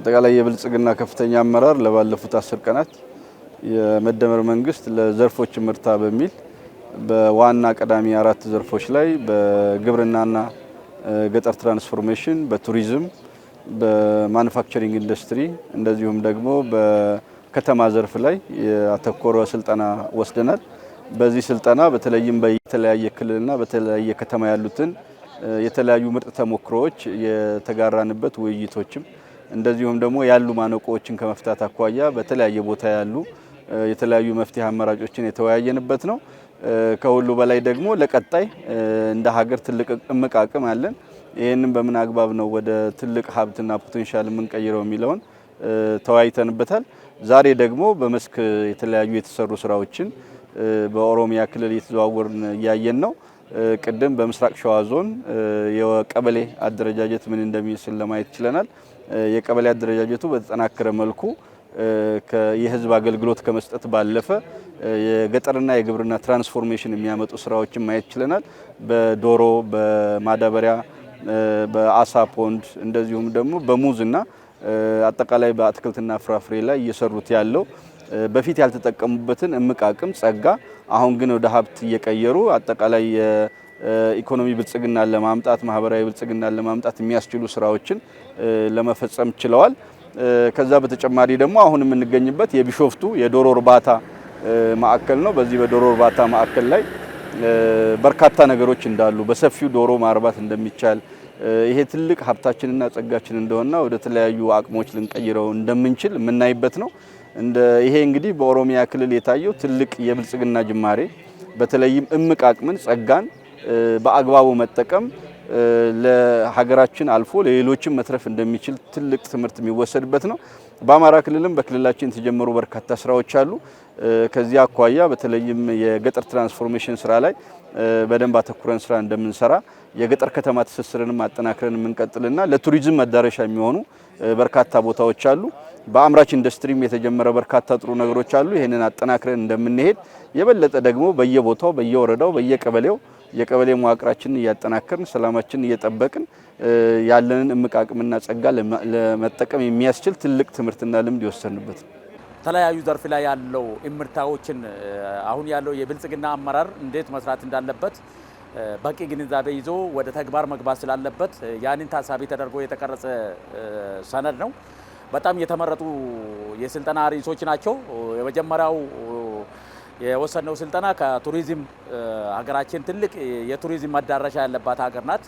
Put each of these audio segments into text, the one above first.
አጠቃላይ የብልጽግና ከፍተኛ አመራር ለባለፉት አስር ቀናት የመደመር መንግስት ለዘርፎች ምርታ በሚል በዋና ቀዳሚ አራት ዘርፎች ላይ በግብርናና ገጠር ትራንስፎርሜሽን፣ በቱሪዝም፣ በማኑፋክቸሪንግ ኢንዱስትሪ እንደዚሁም ደግሞ በከተማ ዘርፍ ላይ ያተኮረ ስልጠና ወስደናል። በዚህ ስልጠና በተለይም በተለያየ ክልልና በተለያየ ከተማ ያሉትን የተለያዩ ምርጥ ተሞክሮዎች የተጋራንበት ውይይቶችም እንደዚሁም ደግሞ ያሉ ማነቆዎችን ከመፍታት አኳያ በተለያየ ቦታ ያሉ የተለያዩ መፍትሄ አማራጮችን የተወያየንበት ነው። ከሁሉ በላይ ደግሞ ለቀጣይ እንደ ሀገር ትልቅ እምቅ አቅም አለን። ይህንን በምን አግባብ ነው ወደ ትልቅ ሀብትና ፖቴንሻል የምንቀይረው የሚለውን ተወያይተንበታል። ዛሬ ደግሞ በመስክ የተለያዩ የተሰሩ ስራዎችን በኦሮሚያ ክልል እየተዘዋወርን እያየን ነው። ቅድም በምስራቅ ሸዋ ዞን የቀበሌ አደረጃጀት ምን እንደሚመስል ለማየት ችለናል። የቀበሌ አደረጃጀቱ በተጠናከረ መልኩ የህዝብ አገልግሎት ከመስጠት ባለፈ የገጠርና የግብርና ትራንስፎርሜሽን የሚያመጡ ስራዎችን ማየት ችለናል። በዶሮ በማዳበሪያ በአሳ ፖንድ እንደዚሁም ደግሞ በሙዝና አጠቃላይ በአትክልትና ፍራፍሬ ላይ እየሰሩት ያለው በፊት ያልተጠቀሙበትን እምቅ አቅም ጸጋ አሁን ግን ወደ ሀብት እየቀየሩ አጠቃላይ ኢኮኖሚ ብልጽግናን ለማምጣት ማህበራዊ ብልጽግናን ለማምጣት የሚያስችሉ ስራዎችን ለመፈጸም ችለዋል። ከዛ በተጨማሪ ደግሞ አሁን የምንገኝበት የቢሾፍቱ የዶሮ እርባታ ማዕከል ነው። በዚህ በዶሮ እርባታ ማዕከል ላይ በርካታ ነገሮች እንዳሉ፣ በሰፊው ዶሮ ማርባት እንደሚቻል ይሄ ትልቅ ሀብታችንና ጸጋችን እንደሆነና ወደ ተለያዩ አቅሞች ልንቀይረው እንደምንችል የምናይበት ነው። እንደ ይሄ እንግዲህ በኦሮሚያ ክልል የታየው ትልቅ የብልጽግና ጅማሬ በተለይም እምቅ አቅምን ጸጋን በአግባቡ መጠቀም ለሀገራችን አልፎ ለሌሎችም መትረፍ እንደሚችል ትልቅ ትምህርት የሚወሰድበት ነው። በአማራ ክልልም በክልላችን የተጀመሩ በርካታ ስራዎች አሉ። ከዚህ አኳያ በተለይም የገጠር ትራንስፎርሜሽን ስራ ላይ በደንብ አተኩረን ስራ እንደምንሰራ የገጠር ከተማ ትስስርንም አጠናክረን የምንቀጥልና ለቱሪዝም መዳረሻ የሚሆኑ በርካታ ቦታዎች አሉ። በአምራች ኢንዱስትሪም የተጀመረ በርካታ ጥሩ ነገሮች አሉ። ይህንን አጠናክረን እንደምንሄድ የበለጠ ደግሞ በየቦታው በየወረዳው በየቀበሌው የቀበሌ መዋቅራችንን እያጠናከርን ሰላማችንን እየጠበቅን ያለንን እምቅ አቅምና ጸጋ ለመጠቀም የሚያስችል ትልቅ ትምህርትና ልምድ የወሰንበት ነው። ተለያዩ ዘርፍ ላይ ያለው እምርታዎችን አሁን ያለው የብልጽግና አመራር እንዴት መስራት እንዳለበት በቂ ግንዛቤ ይዞ ወደ ተግባር መግባት ስላለበት ያንን ታሳቢ ተደርጎ የተቀረጸ ሰነድ ነው። በጣም የተመረጡ የስልጠና ርዕሶች ናቸው። የመጀመሪያው የወሰነው ስልጠና ከቱሪዝም ሀገራችን ትልቅ የቱሪዝም መዳረሻ ያለባት ሀገር ናት።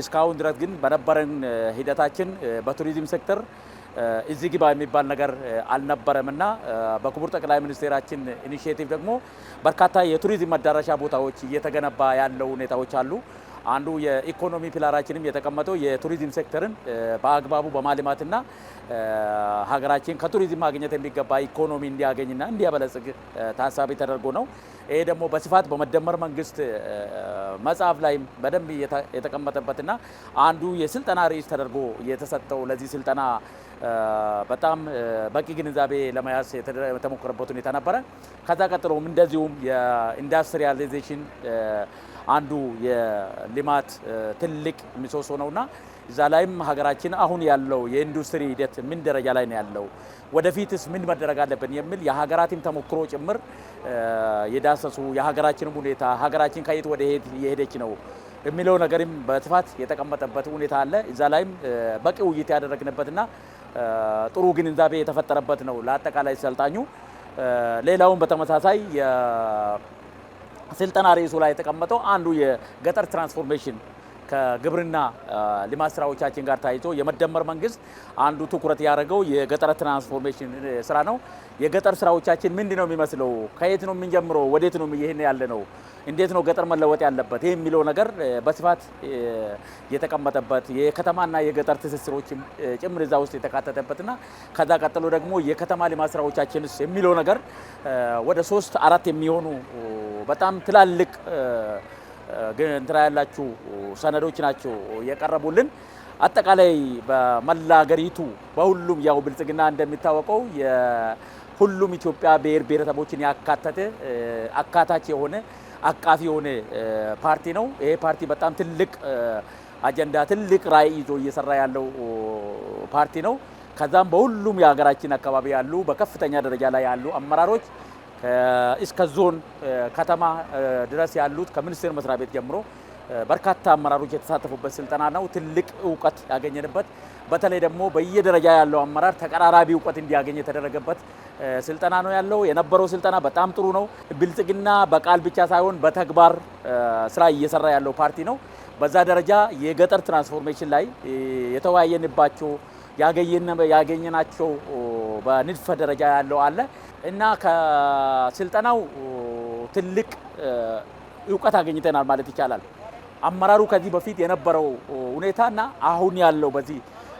እስካሁን ድረስ ግን በነበረን ሂደታችን በቱሪዝም ሴክተር እዚህ ግባ የሚባል ነገር አልነበረም እና በክቡር ጠቅላይ ሚኒስቴራችን ኢኒሽቲቭ ደግሞ በርካታ የቱሪዝም መዳረሻ ቦታዎች እየተገነባ ያለው ሁኔታዎች አሉ። አንዱ የኢኮኖሚ ፒላራችንም የተቀመጠው የቱሪዝም ሴክተርን በአግባቡ በማልማትና ሀገራችን ከቱሪዝም ማግኘት የሚገባ ኢኮኖሚ እንዲያገኝና እንዲያበለጽግ ታሳቢ ተደርጎ ነው። ይሄ ደግሞ በስፋት በመደመር መንግስት መጽሐፍ ላይም በደንብ የተቀመጠበትና አንዱ የስልጠና ርዕስ ተደርጎ የተሰጠው ለዚህ ስልጠና በጣም በቂ ግንዛቤ ለመያዝ የተሞከረበት ሁኔታ ነበረ። ከዛ ቀጥሎም እንደዚሁም የኢንዱስትሪያላይዜሽን አንዱ የልማት ትልቅ ምሰሶ ነውና እዛ ላይም ሀገራችን አሁን ያለው የኢንዱስትሪ ሂደት ምን ደረጃ ላይ ነው ያለው፣ ወደፊትስ ምን መደረግ አለብን የሚል የሀገራትን ተሞክሮ ጭምር የዳሰሱ የሀገራችንም ሁኔታ ሀገራችን ከየት ወደ የት የሄደች ነው የሚለው ነገርም በስፋት የተቀመጠበት ሁኔታ አለ። እዛ ላይም በቂ ውይይት ያደረግንበትና ጥሩ ግንዛቤ የተፈጠረበት ነው ለአጠቃላይ ሰልጣኙ ሌላውን በተመሳሳይ ስልጠና ርዕሱ ላይ የተቀመጠው አንዱ የገጠር ትራንስፎርሜሽን ከግብርና ልማት ስራዎቻችን ጋር ታይቶ የመደመር መንግስት አንዱ ትኩረት ያደረገው የገጠር ትራንስፎርሜሽን ስራ ነው። የገጠር ስራዎቻችን ምንድን ነው የሚመስለው? ከየት ነው የምንጀምረው? ወዴት ነው ይህን ያለ ነው? እንዴት ነው ገጠር መለወጥ ያለበት? ይህ የሚለው ነገር በስፋት የተቀመጠበት የከተማና የገጠር ትስስሮች ጭምር እዛ ውስጥ የተካተተበትና ከዛ ቀጥሎ ደግሞ የከተማ ልማት ስራዎቻችንስ የሚለው ነገር ወደ ሶስት አራት የሚሆኑ በጣም ትላልቅ ግን እንትና ያላችሁ ሰነዶች ናቸው የቀረቡልን። አጠቃላይ በመላ ሀገሪቱ በሁሉም ያው ብልጽግና እንደሚታወቀው የሁሉም ኢትዮጵያ ብሔር ብሔረሰቦችን ያካተተ አካታች የሆነ አቃፊ የሆነ ፓርቲ ነው። ይሄ ፓርቲ በጣም ትልቅ አጀንዳ፣ ትልቅ ራዕይ ይዞ እየሰራ ያለው ፓርቲ ነው። ከዛም በሁሉም የሀገራችን አካባቢ ያሉ በከፍተኛ ደረጃ ላይ ያሉ አመራሮች እስከ ዞን ከተማ ድረስ ያሉት ከሚኒስቴር መስሪያ ቤት ጀምሮ በርካታ አመራሮች የተሳተፉበት ስልጠና ነው። ትልቅ እውቀት ያገኘንበት በተለይ ደግሞ በየደረጃ ያለው አመራር ተቀራራቢ እውቀት እንዲያገኝ የተደረገበት ስልጠና ነው ያለው። የነበረው ስልጠና በጣም ጥሩ ነው። ብልጽግና በቃል ብቻ ሳይሆን በተግባር ስራ እየሰራ ያለው ፓርቲ ነው። በዛ ደረጃ የገጠር ትራንስፎርሜሽን ላይ የተወያየንባቸው ያገኘናቸው በንድፈ ደረጃ ያለው አለ እና ከስልጠናው ትልቅ እውቀት አገኝተናል ማለት ይቻላል። አመራሩ ከዚህ በፊት የነበረው ሁኔታ እና አሁን ያለው በዚህ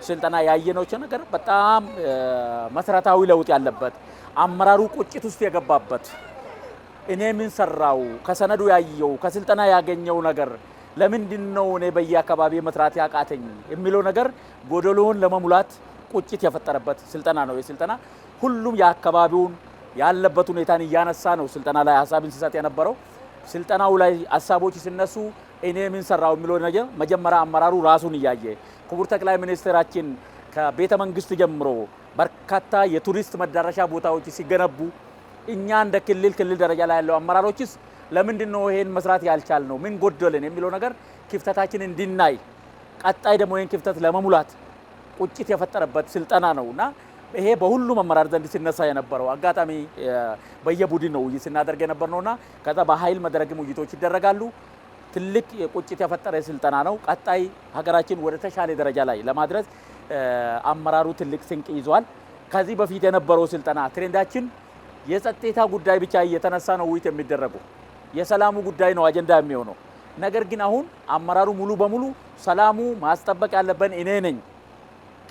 ስልጠና ያየነው ነገር በጣም መሰረታዊ ለውጥ ያለበት አመራሩ ቁጭት ውስጥ የገባበት እኔ ምን ሰራው፣ ከሰነዱ ያየው ከስልጠና ያገኘው ነገር ለምንድን ነው እኔ በየአካባቢ መስራት ያቃተኝ የሚለው ነገር ጎደሎውን ለመሙላት ቁጭት የፈጠረበት ስልጠና ነው። የስልጠና ሁሉም የአካባቢውን ያለበት ሁኔታን እያነሳ ነው። ስልጠና ላይ ሀሳብን ሲሰጥ የነበረው ስልጠናው ላይ ሀሳቦች ሲነሱ እኔ ምን ሰራው የሚለው ነገር መጀመሪያ አመራሩ ራሱን እያየ ክቡር ጠቅላይ ሚኒስትራችን ከቤተ መንግስት ጀምሮ በርካታ የቱሪስት መዳረሻ ቦታዎች ሲገነቡ እኛ እንደ ክልል ክልል ደረጃ ላይ ያለው አመራሮችስ ለምንድን ነው ይሄን መስራት ያልቻል ነው ምን ጎደልን የሚለው ነገር ክፍተታችን እንድናይ ቀጣይ ደግሞ ይህን ክፍተት ለመሙላት ቁጭት የፈጠረበት ስልጠና ነው እና ይሄ በሁሉም አመራር ዘንድ ሲነሳ የነበረው አጋጣሚ በየቡድን ነው ውይይት ስናደርግ የነበር ነውና ከዛ በኃይል መድረግም ውይይቶች ይደረጋሉ። ትልቅ ቁጭት የፈጠረ ስልጠና ነው። ቀጣይ ሀገራችን ወደ ተሻለ ደረጃ ላይ ለማድረስ አመራሩ ትልቅ ስንቅ ይዟል። ከዚህ በፊት የነበረው ስልጠና ትሬንዳችን የጸጥታ ጉዳይ ብቻ እየተነሳ ነው ውይይት የሚደረጉ የሰላሙ ጉዳይ ነው አጀንዳ የሚሆነው ነገር ግን አሁን አመራሩ ሙሉ በሙሉ ሰላሙ ማስጠበቅ ያለብን እኔ ነኝ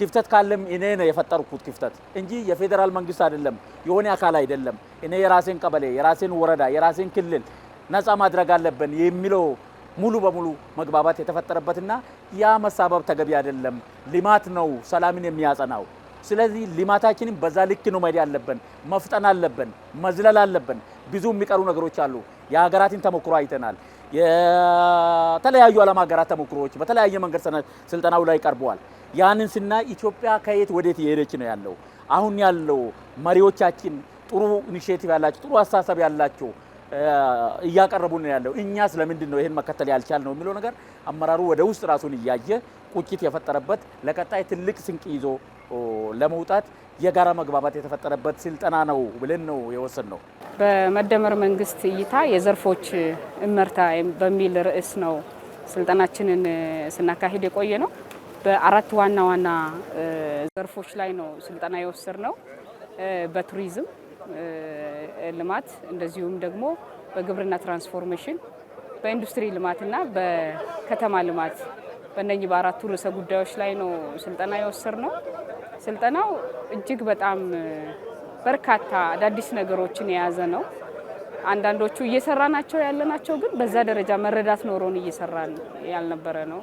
ክፍተት ካለም እኔ ነው የፈጠርኩት ክፍተት እንጂ የፌዴራል መንግስት አይደለም፣ የሆነ አካል አይደለም። እኔ የራሴን ቀበሌ፣ የራሴን ወረዳ፣ የራሴን ክልል ነጻ ማድረግ አለብን የሚለው ሙሉ በሙሉ መግባባት የተፈጠረበትና ያ መሳበብ ተገቢ አይደለም። ልማት ነው ሰላምን የሚያጸናው። ስለዚህ ልማታችንን በዛ ልክ ነው መሄድ ያለብን። መፍጠን አለብን፣ መዝለል አለብን። ብዙ የሚቀሩ ነገሮች አሉ። የሀገራትን ተሞክሮ አይተናል። የተለያዩ ዓለም ሀገራት ተሞክሮዎች በተለያየ መንገድ ስልጠናው ላይ ቀርበዋል። ያንን ስናይ ኢትዮጵያ ከየት ወዴት የሄደች ነው ያለው። አሁን ያለው መሪዎቻችን ጥሩ ኢኒሼቲቭ ያላቸው ጥሩ አስተሳሰብ ያላቸው እያቀረቡ ነው ያለው። እኛ ስለምንድን ነው ይህን መከተል ያልቻል ነው የሚለው ነገር አመራሩ ወደ ውስጥ ራሱን እያየ ቁጭት የፈጠረበት ለቀጣይ ትልቅ ስንቅ ይዞ ለመውጣት የጋራ መግባባት የተፈጠረበት ስልጠና ነው ብለን ነው የወሰን ነው። በመደመር መንግስት እይታ የዘርፎች እመርታ በሚል ርዕስ ነው ስልጠናችንን ስናካሂድ የቆየ ነው። በአራት ዋና ዋና ዘርፎች ላይ ነው ስልጠና የወሰድ ነው። በቱሪዝም ልማት እንደዚሁም ደግሞ በግብርና ትራንስፎርሜሽን፣ በኢንዱስትሪ ልማትና በከተማ ልማት በእነኚህ በአራቱ ርዕሰ ጉዳዮች ላይ ነው ስልጠና የወሰድ ነው። ስልጠናው እጅግ በጣም በርካታ አዳዲስ ነገሮችን የያዘ ነው። አንዳንዶቹ እየሰራ ናቸው ያለ ናቸው፣ ግን በዛ ደረጃ መረዳት ኖሮን እየሰራ ያልነበረ ነው።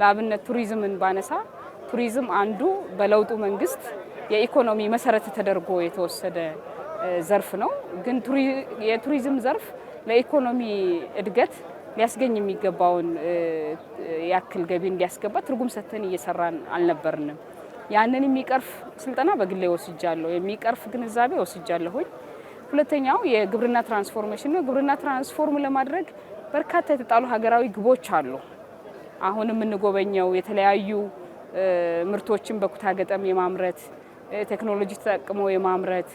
ለአብነት ቱሪዝምን ባነሳ ቱሪዝም አንዱ በለውጡ መንግስት የኢኮኖሚ መሰረት ተደርጎ የተወሰደ ዘርፍ ነው። ግን የቱሪዝም ዘርፍ ለኢኮኖሚ እድገት ሊያስገኝ የሚገባውን ያክል ገቢ እንዲያስገባ ትርጉም ሰጥተን እየሰራን አልነበርንም። ያንን የሚቀርፍ ስልጠና በግሌ ወስጃለሁ። የሚቀርፍ ግንዛቤ ወስጃለሁኝ። ሁለተኛው የግብርና ትራንስፎርሜሽን ነው። ግብርና ትራንስፎርም ለማድረግ በርካታ የተጣሉ ሀገራዊ ግቦች አሉ። አሁን የምንጎበኘው የተለያዩ ምርቶችን በኩታ ገጠም የማምረት ቴክኖሎጂ ተጠቅሞ የማምረት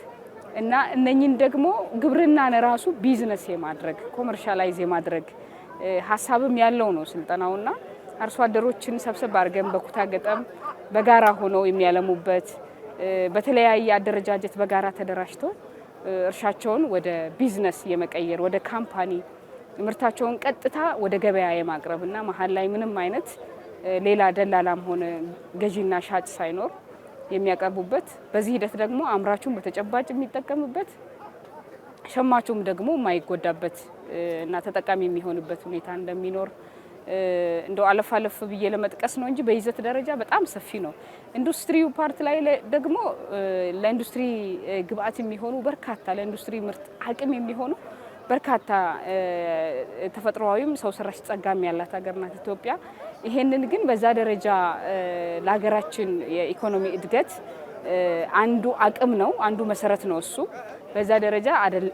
እና እነኝን ደግሞ ግብርናን ራሱ ቢዝነስ የማድረግ ኮመርሻላይዝ የማድረግ ሀሳብም ያለው ነው ስልጠናውና አርሶ አደሮችን ሰብሰብ አድርገን በኩታ ገጠም በጋራ ሆነው የሚያለሙበት በተለያየ አደረጃጀት በጋራ ተደራጅተው እርሻቸውን ወደ ቢዝነስ የመቀየር ወደ ካምፓኒ ምርታቸውን ቀጥታ ወደ ገበያ የማቅረብ እና መሀል ላይ ምንም አይነት ሌላ ደላላም ሆነ ገዢና ሻጭ ሳይኖር የሚያቀርቡበት በዚህ ሂደት ደግሞ አምራቹም በተጨባጭ የሚጠቀምበት ሸማቹም ደግሞ የማይጎዳበት እና ተጠቃሚ የሚሆንበት ሁኔታ እንደሚኖር እንደው አለፍ አለፍ ብዬ ለመጥቀስ ነው እንጂ በይዘት ደረጃ በጣም ሰፊ ነው። ኢንዱስትሪው ፓርት ላይ ደግሞ ለኢንዱስትሪ ግብአት የሚሆኑ በርካታ ለኢንዱስትሪ ምርት አቅም የሚሆኑ በርካታ ተፈጥሯዊም ሰው ሰራሽ ጸጋም ያላት ሀገር ናት ኢትዮጵያ። ይሄንን ግን በዛ ደረጃ ለሀገራችን የኢኮኖሚ እድገት አንዱ አቅም ነው፣ አንዱ መሰረት ነው። እሱ በዛ ደረጃ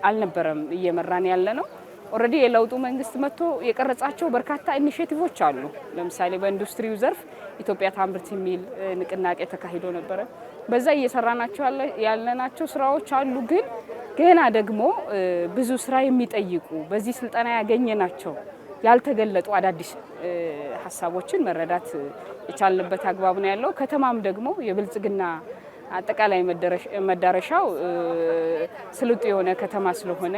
አልነበረም እየመራን ያለ ነው። ኦልሬዲ የለውጡ መንግስት መጥቶ የቀረጻቸው በርካታ ኢኒሼቲቮች አሉ። ለምሳሌ በኢንዱስትሪው ዘርፍ ኢትዮጵያ ታምርት የሚል ንቅናቄ ተካሂዶ ነበረ። በዛ እየሰራናቸው ያለናቸው ስራዎች አሉ። ግን ገና ደግሞ ብዙ ስራ የሚጠይቁ በዚህ ስልጠና ያገኘናቸው ያልተገለጡ አዳዲስ ሀሳቦችን መረዳት የቻልንበት አግባብ ነው ያለው። ከተማም ደግሞ የብልጽግና አጠቃላይ መዳረሻው ስልጡ የሆነ ከተማ ስለሆነ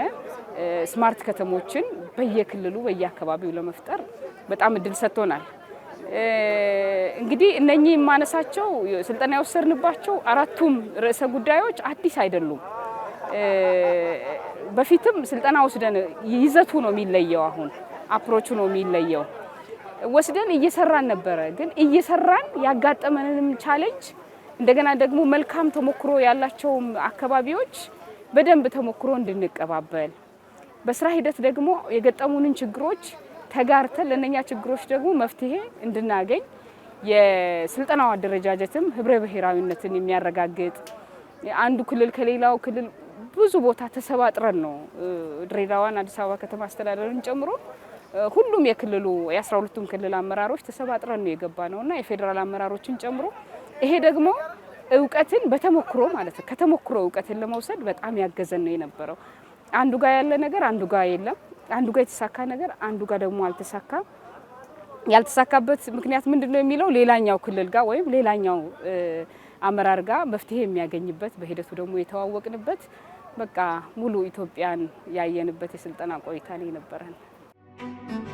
ስማርት ከተሞችን በየክልሉ በየአካባቢው ለመፍጠር በጣም እድል ሰጥቶናል። እንግዲህ እነኚህ የማነሳቸው ስልጠና የወሰድንባቸው አራቱም ርዕሰ ጉዳዮች አዲስ አይደሉም። በፊትም ስልጠና ወስደን ይዘቱ ነው የሚለየው፣ አሁን አፕሮቹ ነው የሚለየው። ወስደን እየሰራን ነበረ። ግን እየሰራን ያጋጠመንንም ቻሌንጅ እንደገና ደግሞ መልካም ተሞክሮ ያላቸውም አካባቢዎች በደንብ ተሞክሮ እንድንቀባበል በስራ ሂደት ደግሞ የገጠሙንን ችግሮች ተጋርተን ለእነኛ ችግሮች ደግሞ መፍትሄ እንድናገኝ የስልጠናው አደረጃጀትም ህብረ ብሔራዊነትን የሚያረጋግጥ አንዱ ክልል ከሌላው ክልል ብዙ ቦታ ተሰባጥረን ነው ድሬዳዋን አዲስ አበባ ከተማ አስተዳደርን ጨምሮ ሁሉም የክልሉ የአስራ ሁለቱም ክልል አመራሮች ተሰባጥረን ነው የገባ ነው እና የፌዴራል አመራሮችን ጨምሮ ይሄ ደግሞ እውቀትን በተሞክሮ ማለት ነው ከተሞክሮ እውቀትን ለመውሰድ በጣም ያገዘን ነው የነበረው። አንዱ ጋር ያለ ነገር አንዱ ጋር የለም፣ አንዱ ጋር የተሳካ ነገር አንዱ ጋር ደግሞ አልተሳካ። ያልተሳካበት ምክንያት ምንድን ነው የሚለው ሌላኛው ክልል ጋር ወይም ሌላኛው አመራር ጋር መፍትሄ የሚያገኝበት በሂደቱ ደግሞ የተዋወቅንበት በቃ ሙሉ ኢትዮጵያን ያየንበት የስልጠና ቆይታ ነው የነበረን። thank you